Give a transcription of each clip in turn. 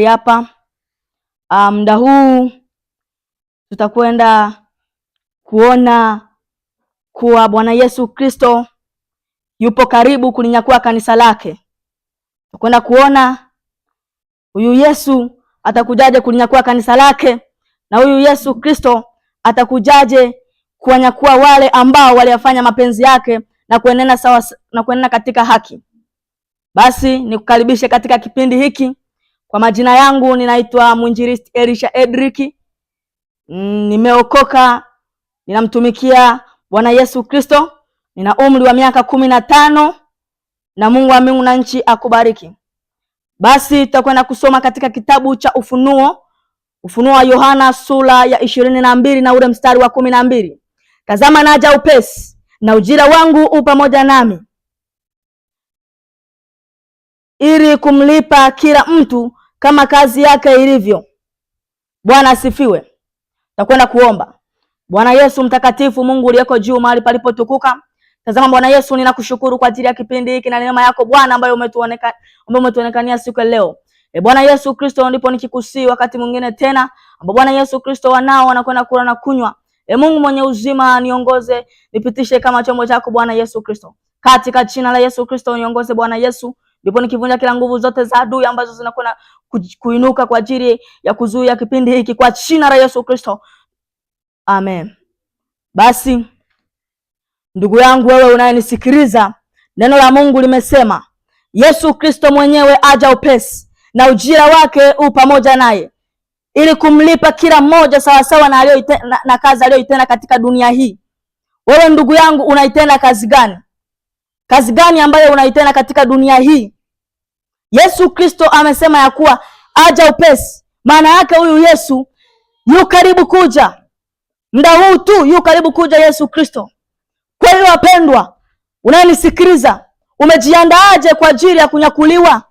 Hapa ah, muda um, huu tutakwenda kuona kuwa Bwana Yesu Kristo yupo karibu kulinyakua kanisa lake. Tutakwenda kuona huyu Yesu atakujaje kulinyakua kanisa lake, na huyu Yesu Kristo atakujaje kuwanyakua wale ambao waliyafanya mapenzi yake na kuenena sawa, na kuenena katika haki. Basi nikukaribishe katika kipindi hiki kwa majina yangu ninaitwa mwinjilisti Elisha Edrick. Mm, nimeokoka, ninamtumikia Bwana Yesu Kristo, nina umri wa miaka kumi na tano na Mungu wa mbingu na nchi akubariki. Basi tutakwenda kusoma katika kitabu cha Ufunuo, Ufunuo wa Yohana sura ya ishirini na mbili na ule mstari wa kumi na mbili. Tazama naja upesi, na ujira wangu u pamoja nami, ili kumlipa kila mtu kama kazi yake ilivyo. Bwana asifiwe. Takwenda kuomba. Bwana Yesu mtakatifu, Mungu uliyeko juu mahali palipotukuka, tazama Bwana Yesu, ninakushukuru kwa ajili ya kipindi hiki na neema yako Bwana ambayo umetuonekana ambayo umetuonekania siku ya leo. E Bwana Yesu Kristo, ndipo nikikusi wakati mwingine tena ambapo Bwana Yesu Kristo wanao wanakwenda kula na kunywa. E Mungu mwenye uzima, niongoze, nipitishe kama chombo chako Bwana Yesu Kristo, katika jina la Yesu Kristo, niongoze Bwana Yesu ndipo nikivunja kila nguvu zote za adui ambazo zinakuwa kuinuka kwa ajili ya kuzuia kipindi hiki kwa jina la Yesu Kristo, amen. Basi ndugu yangu, wewe unayenisikiliza, neno la Mungu limesema Yesu Kristo mwenyewe aja upesi na ujira wake u pamoja naye ili kumlipa kila mmoja sawasawa na, na, na kazi aliyoitenda katika dunia hii. Wewe ndugu yangu, unaitenda kazi gani? Kazi gani ambayo unaitenda katika dunia hii? Yesu Kristo amesema ya kuwa aja upesi. Maana yake huyu Yesu yu karibu kuja, muda huu tu yu karibu kuja Yesu Kristo. Kwa hiyo wapendwa, unayenisikiliza, umejiandaaje kwa ajili ya kunyakuliwa?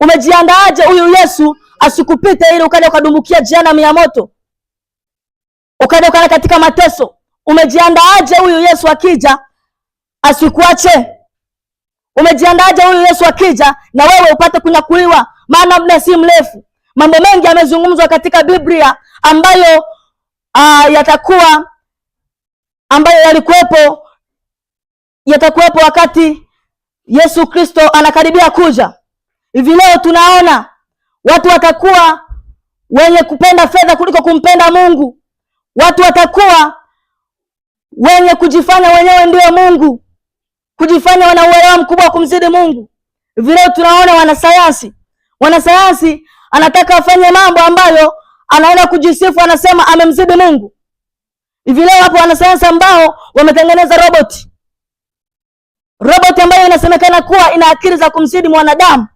Umejiandaaje huyu Yesu asikupite ili ukaja ukadumbukia jehanamu ya moto, ukaja ukaenda katika mateso? Umejiandaaje huyu Yesu akija asikuache. Umejiandaje huyu Yesu akija na wewe upate kunyakuliwa? Maana muda si mrefu, mambo mengi yamezungumzwa katika Biblia ambayo uh, yatakuwa ambayo yalikuwepo yatakuwepo wakati Yesu Kristo anakaribia kuja. Hivi leo tunaona watu watakuwa wenye kupenda fedha kuliko kumpenda Mungu. Watu watakuwa wenye kujifanya wenyewe ndio Mungu kujifanya wana uelewa mkubwa wa kumzidi Mungu. Vile tunaona wanasayansi, wanasayansi anataka afanye mambo ambayo anaenda kujisifu, anasema amemzidi Mungu. Hivi leo hapo wanasayansi ambao wametengeneza roboti, roboti ambayo inasemekana kuwa ina akili za kumzidi mwanadamu,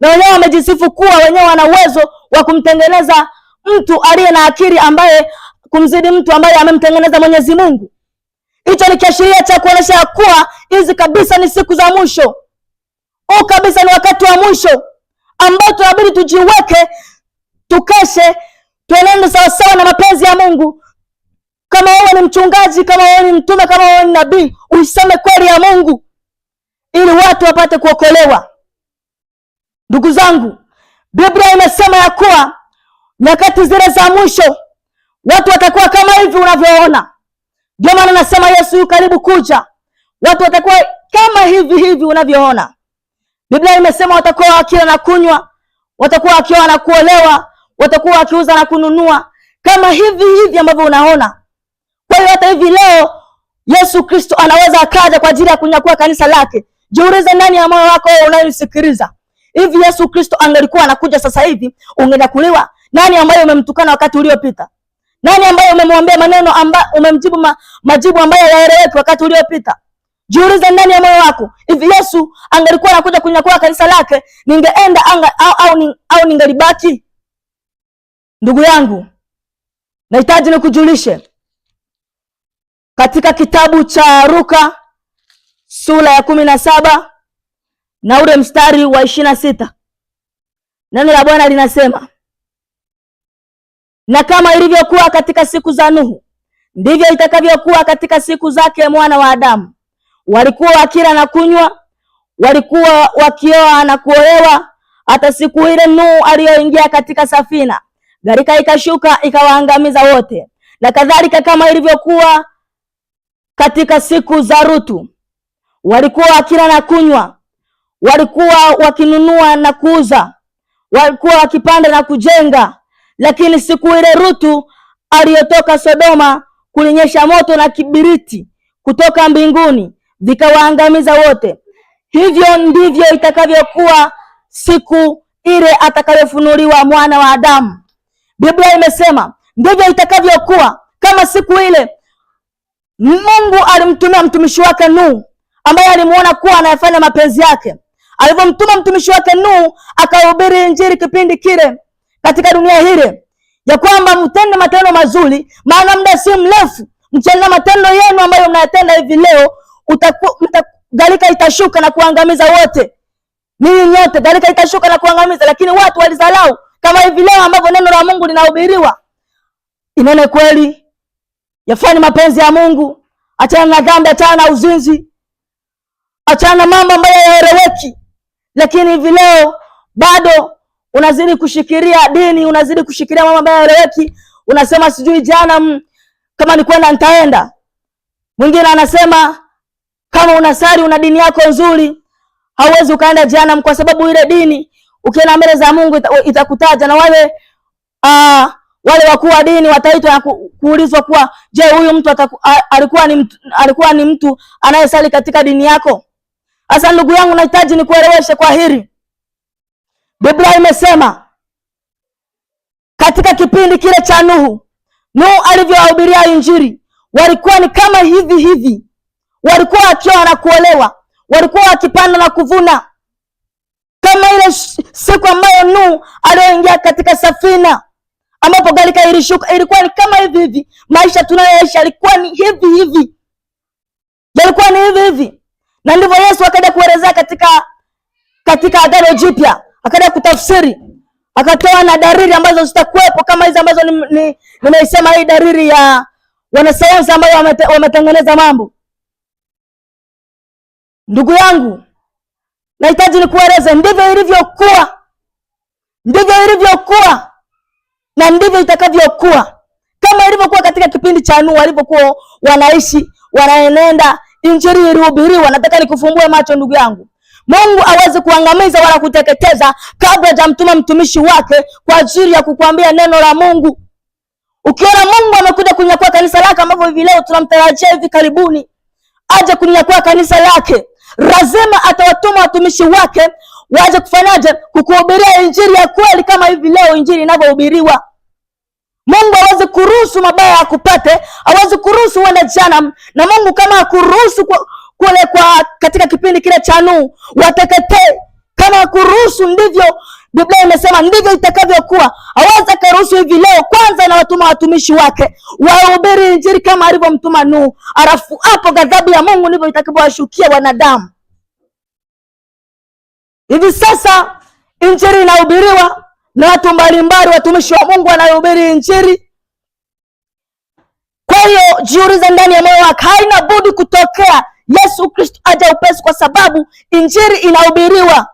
na wenyewe wamejisifu kuwa wenyewe wana uwezo wa kumtengeneza mtu aliye na akili ambaye kumzidi mtu ambaye amemtengeneza Mwenyezi Mungu. Hicho ni kiashiria cha kuonyesha ya kuwa hizi kabisa ni siku za mwisho. Huu kabisa ni wakati wa mwisho ambao tunabidi tujiweke, tukeshe, tuenende sawasawa na mapenzi ya Mungu. Kama wewe ni mchungaji, kama wewe ni mtume, kama wewe ni nabii, uiseme kweli ya Mungu ili watu wapate kuokolewa. Ndugu zangu, Biblia inasema ya kuwa nyakati zile za mwisho watu watakuwa kama hivi unavyoona ndio maana nasema Yesu yu karibu kuja. Watu watakuwa kama hivi hivi unavyoona. Biblia imesema watakuwa wakila na kunywa, watakuwa wakioa na kuolewa, watakuwa wakiuza na kununua, kama hivi hivi ambavyo unaona. Kwa hiyo hata hivi leo Yesu Kristo anaweza akaja kwa ajili ya kunyakua kanisa lake. Jiulize ndani ya moyo wako wewe unayenisikiliza. Hivi Yesu Kristo angelikuwa anakuja sasa hivi, ungenyakuliwa? Nani ambaye umemtukana wakati uliopita? Nani ambaye umemwambia maneno ambayo umemjibu ma, majibu ambayo yaeleweki wakati uliopita? Jiulize ndani ya moyo wako, hivi Yesu angelikuwa anakuja kunyakua kanisa lake, ningeenda anga, au, au, au ningelibaki? Ndugu yangu, nahitaji nikujulishe katika kitabu cha Luka sura ya kumi na saba na ule mstari wa ishirini na sita neno la Bwana linasema na kama ilivyokuwa katika siku za Nuhu, ndivyo itakavyokuwa katika siku zake mwana wa Adamu. Walikuwa wakila na kunywa, walikuwa wakioa na kuolewa, hata siku ile Nuhu aliyoingia katika safina, gharika ikashuka ikawaangamiza wote, na kadhalika kama ilivyokuwa katika siku za Rutu. Walikuwa wakila na kunywa, walikuwa wakinunua na kuuza, walikuwa wakipanda na kujenga lakini siku ile Rutu aliyotoka Sodoma kulinyesha moto na kibiriti kutoka mbinguni vikawaangamiza wote. Hivyo ndivyo itakavyokuwa siku ile atakayofunuliwa mwana wa Adamu. Biblia imesema ndivyo itakavyokuwa kama siku ile Mungu alimtumia mtumishi wake Nuhu ambaye alimuona kuwa anayefanya mapenzi yake. Alivyomtuma mtumishi wake Nuhu akahubiri Injili kipindi kile katika dunia hili, ya kwamba mtende matendo mazuri, maana muda si mrefu. Mkianza matendo yenu ambayo mnayatenda hivi leo, gharika itashuka na kuangamiza wote, ninyi nyote, gharika itashuka na kuangamiza. Lakini watu walizalau, kama hivi leo ambavyo neno la Mungu linahubiriwa, inene kweli, yafanye mapenzi ya Mungu, achana na dhambi, achana na uzinzi, achana na mambo ambayo hayaeleweki. Lakini hivi leo bado unazidi kushikiria dini, unazidi kushikiria mambo ambayo haeleweki. Unasema sijui jana kama ni kwenda nitaenda. Mwingine anasema kama unasali una dini yako nzuri, hauwezi ukaenda jana, kwa sababu ile dini ukienda mbele za Mungu itakutaja ita na wale uh, wale wakuu wa dini wataitwa na kuulizwa kuwa, je, huyu mtu ataku, a, alikuwa ni mtu, alikuwa ni mtu anayesali katika dini yako? Sasa ndugu yangu, nahitaji nikueleweshe kwa hili Biblia imesema katika kipindi kile cha Nuhu, Nuhu alivyowahubiria Injili, walikuwa ni kama hivi hivi, walikuwa wakioa na kuolewa, walikuwa wakipanda na kuvuna, kama ile siku ambayo Nuhu aliyoingia katika safina ambapo gharika ilishuka, ilikuwa ni kama hivi hivi. Maisha tunayoishi yalikuwa ni hivi hivi, yalikuwa ni hivi hivi, na ndivyo Yesu akaja kuelezea katika katika Agano Jipya akaenda kutafsiri akatoa na dalili ambazo zitakuwepo kama hizi ambazo nimeisema, ni, ni hii dalili ya wanasayansi ambayo wametengeneza wametengeneza mambo. Ndugu yangu, nahitaji nikueleze, ndivyo ilivyokuwa, ndivyo ilivyokuwa na ndivyo itakavyokuwa, kama ilivyokuwa katika kipindi cha Nuhu walivyokuwa wanaishi, wanaenenda, injili ilihubiriwa. Nataka nikufumbue macho ndugu yangu Mungu awezi kuangamiza wala kuteketeza kabla hajamtuma mtumishi wake kwa ajili ya kukuambia neno la Mungu. Ukiona Mungu amekuja kunyakua kanisa lake ambavyo hivi leo tunamtarajia hivi karibuni aje kunyakua kanisa lake, lazima atawatuma watumishi wake waje kufanyaje? Kukuhubiria injili ya kweli kama hivi leo injili inavyohubiriwa. Mungu hawezi kuruhusu mabaya akupate, hawezi kuruhusu uende Na Mungu kama akuruhusu kule kwa katika kipindi kile cha Nuhu, wateketee kama kuruhusu, ndivyo Biblia imesema ndivyo itakavyokuwa. Hawezi karuhusu hivi leo. Kwanza anawatuma watumishi wake wahubiri Injili kama alivyomtuma Nuhu, alafu hapo ghadhabu ya Mungu ndivyo itakavyowashukia wanadamu. Hivi sasa Injili inahubiriwa na watu mbalimbali, watumishi wa Mungu wanahubiri Injili. Kwa hiyo jiulize ndani ya moyo wako, haina budi kutokea Yesu Kristo aja upesi, kwa sababu injili inahubiriwa,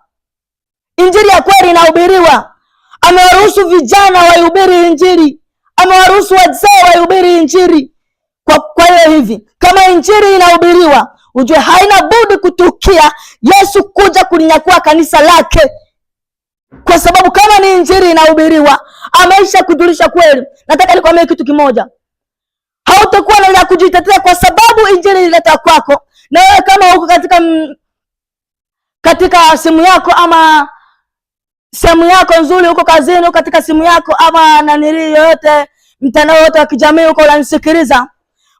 injili ya kweli inahubiriwa. Amewaruhusu vijana waihubiri injili, amewaruhusu wazee waihubiri injili. Kwa kwa hiyo hivi kama injili inahubiriwa, ujue haina budi kutukia Yesu kuja kulinyakua kanisa lake, kwa sababu kama ni injili inahubiriwa, ameisha kujulisha kweli. Nataka nikwambie kitu kimoja, hautakuwa na la kujitetea, kwa sababu injili ileta kwako na wewe kama uko katika m, katika simu yako ama sehemu yako nzuri, uko kazini, uko katika simu yako ama nanili yoyote, mtandao wote wa kijamii, uko unanisikiliza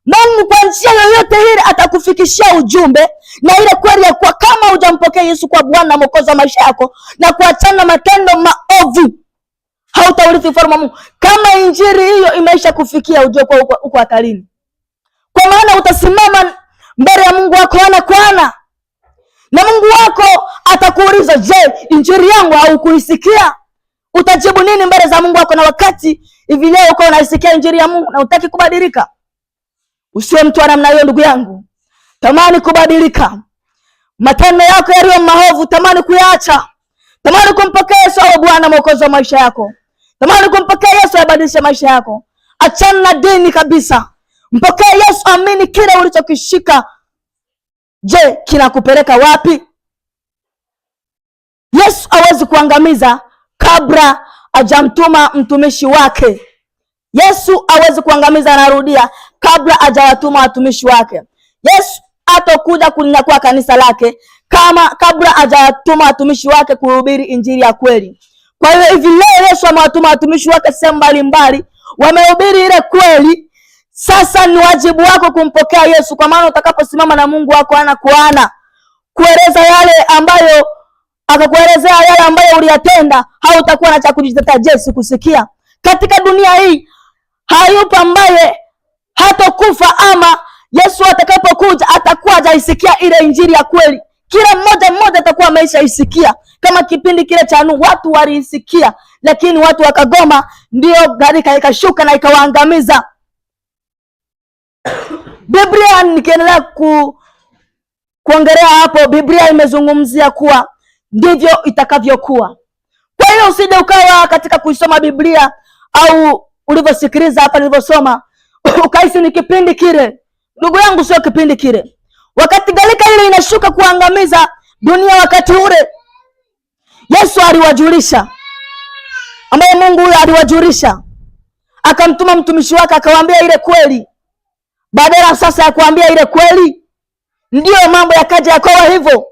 Mungu kwa njia yoyote ile atakufikishia ujumbe na ile kweli ya kuwa kama hujampokea Yesu kwa Bwana na Mwokozi wa maisha yako na kuachana na matendo maovu, hautaurithi ufalme wa Mungu. Kama injili hiyo imeisha kufikia, ujue kwa uko hatarini, kwa maana utasimama mbele ya Mungu wako ana kwa ana, na Mungu wako atakuuliza, je, injili yangu haukuisikia? Utajibu nini mbele za Mungu wako? Na wakati hivi leo uko unaisikia injili ya Mungu na utaki kubadilika, usiwe mtu wa namna hiyo. Ndugu yangu, tamani kubadilika. Matendo yako yaliyo maovu tamani kuyaacha, tamani kumpokea Yesu awe Bwana mwokozi wa maisha yako, tamani kumpokea Yesu abadilishe maisha yako. Achana na dini kabisa. Mpokee Yesu, amini kile ulichokishika. Je, kinakupeleka wapi? Yesu hawezi kuangamiza kabla hajamtuma mtumishi wake. Yesu hawezi kuangamiza, anarudia, kabla hajawatuma watumishi wake. Yesu hatokuja kulinyakuwa kanisa lake kama kabla hajawatuma watumishi wake kuhubiri injili ya kweli. Kwa hiyo hivi leo Yesu amewatuma watumishi wake sehemu mbalimbali, wamehubiri ile kweli sasa ni wajibu wako kumpokea Yesu, kwa maana utakaposimama na Mungu wako ana kwa ana, kueleza yale ambayo akakuelezea yale ambayo uliyatenda, hautakuwa na cha kujitetea. Je, sikusikia? Katika dunia hii hayupo ambaye hatokufa ama Yesu atakapokuja atakuwa hajaisikia ile injili ya kweli. Kila mmoja mmoja atakuwa ameishaisikia, kama kipindi kile cha Nuhu watu waliisikia, lakini watu wakagoma, ndio gharika ikashuka na ikawaangamiza. Biblia nikiendelea ku, kuongelea hapo, Biblia imezungumzia kuwa ndivyo itakavyokuwa. Kwa hiyo usije ukawa katika kuisoma Biblia au ulivyosikiliza hapa nilivyosoma ukaisi ni kipindi kile. Ndugu yangu, sio kipindi kile. Wakati gharika ile inashuka kuangamiza dunia, wakati ule Yesu aliwajulisha, ambaye Mungu huyo aliwajulisha, akamtuma mtumishi wake, akawaambia ile kweli badala sasa ya kuambia ile kweli, ndiyo mambo yakaja yakawa hivyo,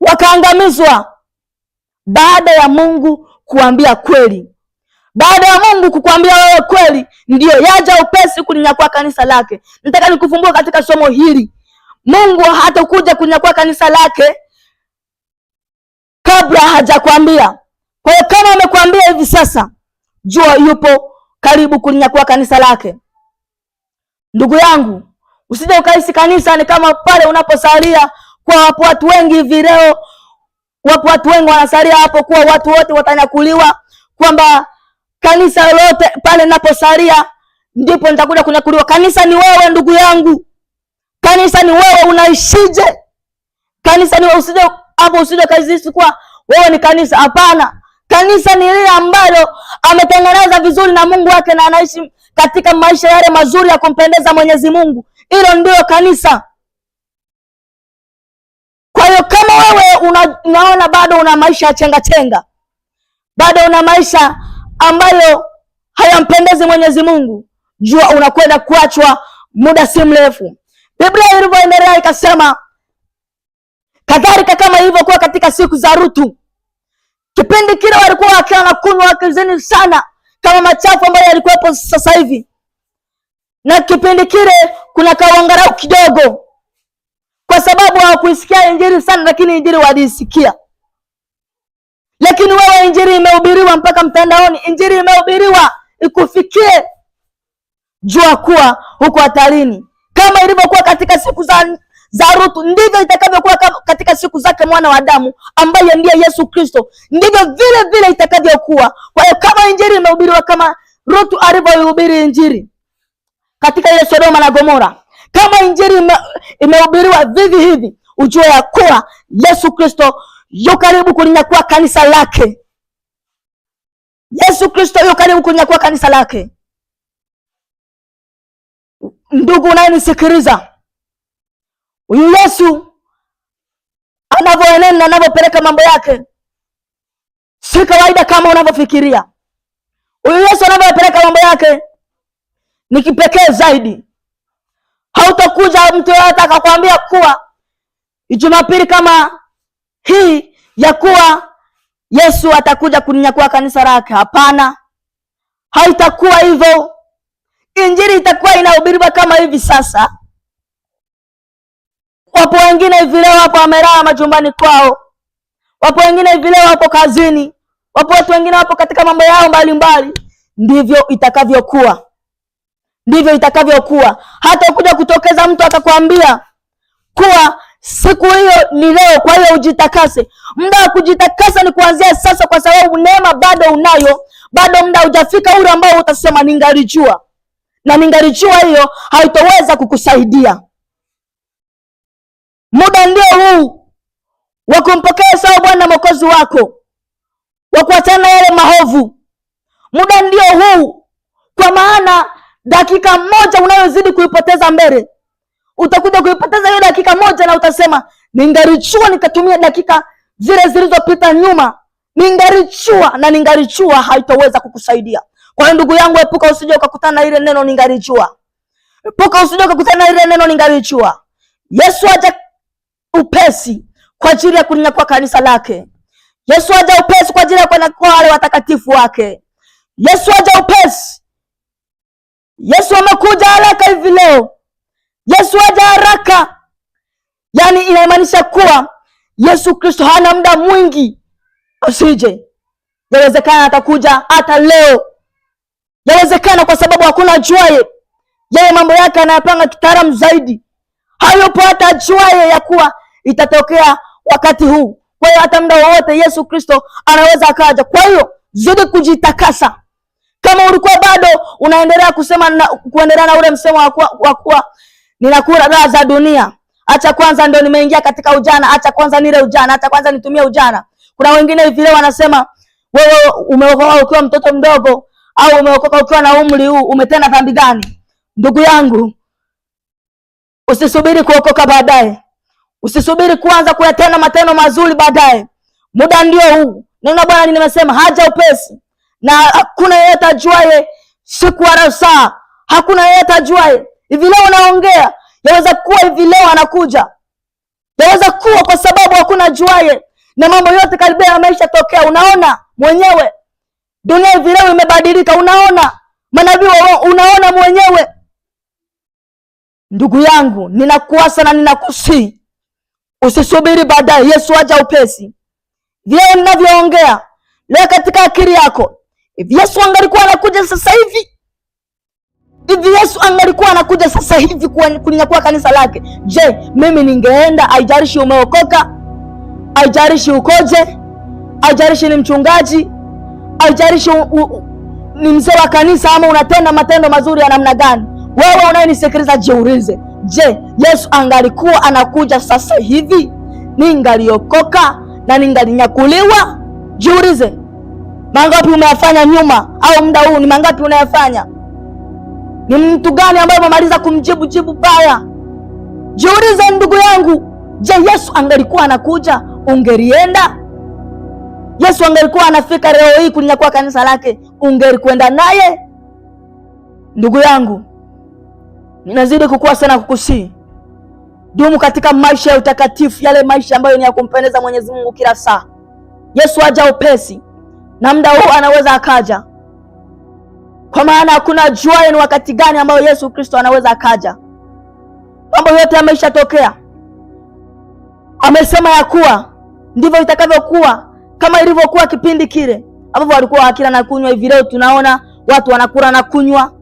wakaangamizwa. Baada ya Mungu kuambia kweli, baada ya Mungu kukuambia wewe kweli, ndiyo yaja upesi kulinyakua kanisa lake. Nataka nikufumbue katika somo hili, Mungu hatakuja kunyakua kanisa lake kabla hajakwambia. Kwa hiyo kama amekwambia hivi sasa, jua yupo karibu kulinyakua kanisa lake. Ndugu yangu, usije ukahisi kanisa ni kama pale unaposalia kwa wapo watu wengi hivi leo. Wapo watu wengi wanasalia hapo kuwa watu wote watanyakuliwa, kwamba kanisa lolote pale ninaposalia ndipo nitakuja kunyakuliwa. Kanisa ni wewe ndugu yangu, kanisa ni wewe. Unaishije? Kanisa ni wewe, usije hapo, usije kaisi kuwa wewe ni kanisa. Hapana, kanisa ni lile ambalo ametengeneza vizuri na Mungu wake na anaishi katika maisha yale mazuri ya kumpendeza Mwenyezi Mungu. Hilo ndio kanisa. Kwa hiyo kama wewe una, unaona bado una maisha ya chenga chenga, bado una maisha ambayo hayampendezi Mwenyezi Mungu, jua unakwenda kuachwa muda si mrefu. Biblia ilivyoendelea ikasema, kadhalika kama ilivyokuwa katika siku za Rutu, kipindi kile walikuwa wakiwa na kunywa wakizini sana kama machafu ambayo yalikuwepo sasa hivi, na kipindi kile kuna kawangarau kidogo, kwa sababu hawakuisikia injili sana, lakini injili waliisikia Lakini wewe, injili imehubiriwa mpaka mtandaoni, injili imehubiriwa ikufikie. Jua kuwa huko hatarini, kama ilivyokuwa katika siku za za Rutu, ndivyo itakavyokuwa katika siku zake mwana wa Adamu ambaye ndiye Yesu Kristo, ndivyo vile vile itakavyokuwa. Kwa hiyo kama injili imehubiriwa kama rutu alivyohubiri injili katika ile Sodoma na Gomora, kama injili imehubiriwa vivi hivi, ujue ya kuwa Yesu Kristo yu karibu kulinyakua kanisa lake. Yesu Kristo yu karibu kulinyakua kanisa lake. Ndugu unayenisikiliza Huyu Yesu na anavyopeleka mambo yake si kawaida kama unavyofikiria. Huyu Yesu anavyopeleka mambo yake ni kipekee zaidi. Hautakuja mtu yoyote akakwambia kuwa Jumapili kama hii ya kuwa Yesu atakuja kuninyakua kanisa lake. Hapana, haitakuwa hivyo. Injili itakuwa inahubiriwa kama hivi sasa Wapo wengine hivi leo wapo wamelala majumbani kwao, wapo wengine hivi leo wapo kazini, wapo watu wengine wapo katika mambo yao mbalimbali. Ndivyo itakavyokuwa, ndivyo itakavyokuwa. Hata ukuja kutokeza mtu akakwambia kuwa siku hiyo ni leo, kwa hiyo ujitakase. Muda wa kujitakasa ni kuanzia sasa, kwa sababu neema bado unayo, bado muda hujafika ule ambao utasema ningalijua, na ningalijua hiyo haitoweza kukusaidia. Muda ndio huu wa kumpokea sawa Bwana mwokozi wako, wa kuachana yale maovu. Muda ndio huu, kwa maana dakika moja unayozidi kuipoteza mbele, utakuja kuipoteza hiyo dakika moja, na utasema ningarichua nikatumia dakika zile zilizopita nyuma, ningarichua na ningarichua, haitoweza kukusaidia. Kwa hiyo ndugu yangu, epuka usije ukakutana na ile neno ningarichua, epuka usije ukakutana na ile neno ningarichua. Yesu aje upesi kwa ajili ya kunena kwa kanisa lake. Yesu aja upesi kwa ajili ya kwa wale watakatifu wake. Yesu aja upesi. Yesu amekuja haraka hivi leo. Yesu aja haraka, yaani inamaanisha kuwa Yesu Kristo hana muda mwingi asije. Yawezekana atakuja hata leo, yawezekana kwa sababu hakuna ajuaye. Yeye mambo yake anayapanga kitaalamu zaidi, hayupo hata ajuaye ya kuwa itatokea wakati huu. Kwa hiyo hata muda wowote Yesu Kristo anaweza akaja. Kwa hiyo zidi kujitakasa. Kama ulikuwa bado unaendelea kusema na kuendelea na ule msemo wa kuwa ninakula raha za dunia, acha kwanza ndio nimeingia katika ujana, acha kwanza nile ujana, acha kwanza nitumie ujana. Kuna wengine leo wanasema wewe umeokoka ukiwa mtoto mdogo au umeokoka ukiwa na umri huu, umetenda dhambi gani? Ndugu yangu, usisubiri kuokoka baadaye. Usisubiri kuanza kuyatenda matendo mazuri baadaye, muda ndio huu. Neno Bwana nimesema haja upesi, na hakuna yeyote ajuaye siku wala saa, hakuna yeyote ajuaye. Hivi leo naongea, yaweza kuwa hivi leo anakuja, yaweza kuwa kwa sababu hakuna ajuaye, na mambo yote karibia yameisha tokea. Unaona mwenyewe dunia hivi leo imebadilika, unaona manabii, unaona mwenyewe. Ndugu yangu, ninakuasa na ninakusii Usisubiri baadaye, Yesu aja upesi. Vile ninavyoongea leo katika akili yako, hivi Yesu angalikuwa anakuja sasa hivi, hivi Yesu angalikuwa anakuja sasa hivi kulinyakua kanisa lake, je, mimi ningeenda? aijarishi umeokoka, aijarishi ukoje, aijarishi ni mchungaji, aijarishi ni mzee wa kanisa, ama unatenda matendo mazuri ya namna gani. Wewe unayenisikiliza, jiulize Je, Yesu angalikuwa anakuja sasa hivi ningaliokoka na ningalinyakuliwa? Jiulize, mangapi umeyafanya nyuma, au muda huu ni mangapi unayafanya? Ni mtu gani ambaye umemaliza kumjibu jibu baya? Jiulize ndugu yangu, je, Yesu angalikuwa anakuja ungelienda? Yesu angalikuwa anafika leo hii kulinyakua kanisa lake, ungelikwenda naye? Ndugu yangu Nazidi kukua sana kukusi Dumu katika maisha ya utakatifu, yale maisha ambayo ni ya kumpendeza Mwenyezi Mungu kila saa. Yesu aja upesi, na muda huu anaweza akaja, kwa maana hakuna jua ni wakati gani ambayo Yesu Kristo anaweza akaja. Mambo yote tokea, Amesema ya kuwa ndivyo itakavyokuwa, kama ilivyokuwa kipindi kile ambapo walikuwa wakila na kunywa. Hivi leo tunaona watu wanakula na kunywa,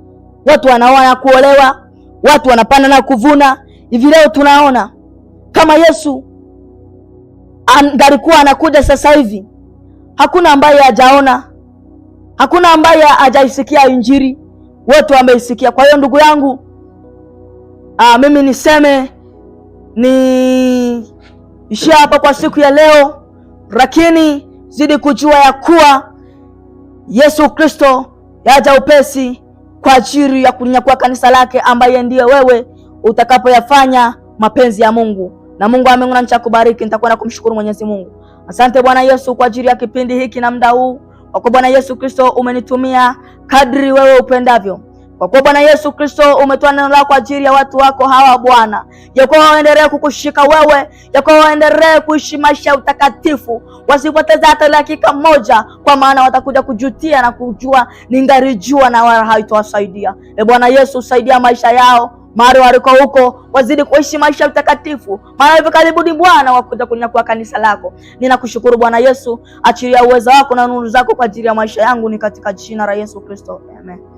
watu wanaoa na kuolewa watu wanapanda na kuvuna. Hivi leo tunaona kama Yesu angalikuwa anakuja sasa hivi, hakuna ambaye hajaona, hakuna ambaye hajaisikia Injili, wote wameisikia. Kwa hiyo ndugu yangu, aa, ah, mimi niseme ni ishia hapa kwa siku ya leo, lakini zidi kujua ya kuwa Yesu Kristo yaja upesi kwa ajili ya kunyakua kanisa lake, ambaye ndiye wewe utakapoyafanya mapenzi ya Mungu. Na Mungu wa mbinguni nitakubariki, nitakwenda kumshukuru Mwenyezi Mungu. Asante Bwana Yesu kwa ajili ya kipindi hiki na muda huu kwa Bwana Yesu Kristo, umenitumia kadri wewe upendavyo. Kwa kuwa Bwana Yesu Kristo, umetoa neno lako kwa ajili ya watu wako hawa Bwana, ya kuwa waendelee kukushika wewe, ya kuwa waendelee kuishi maisha ya utakatifu, wasipoteza hata dakika moja, kwa maana watakuja kujutia na kujua ningarijua, na wala haitowasaidia. E Bwana Yesu, usaidia maisha yao mahali waliko huko wazidi kuishi maisha ya utakatifu, maana hivi karibuni Bwana wakuja kunyakua kanisa lako. Ninakushukuru Bwana Yesu, achilia uwezo wako na nuru zako kwa ajili ya maisha yangu, ni katika jina la Yesu Kristo, amen.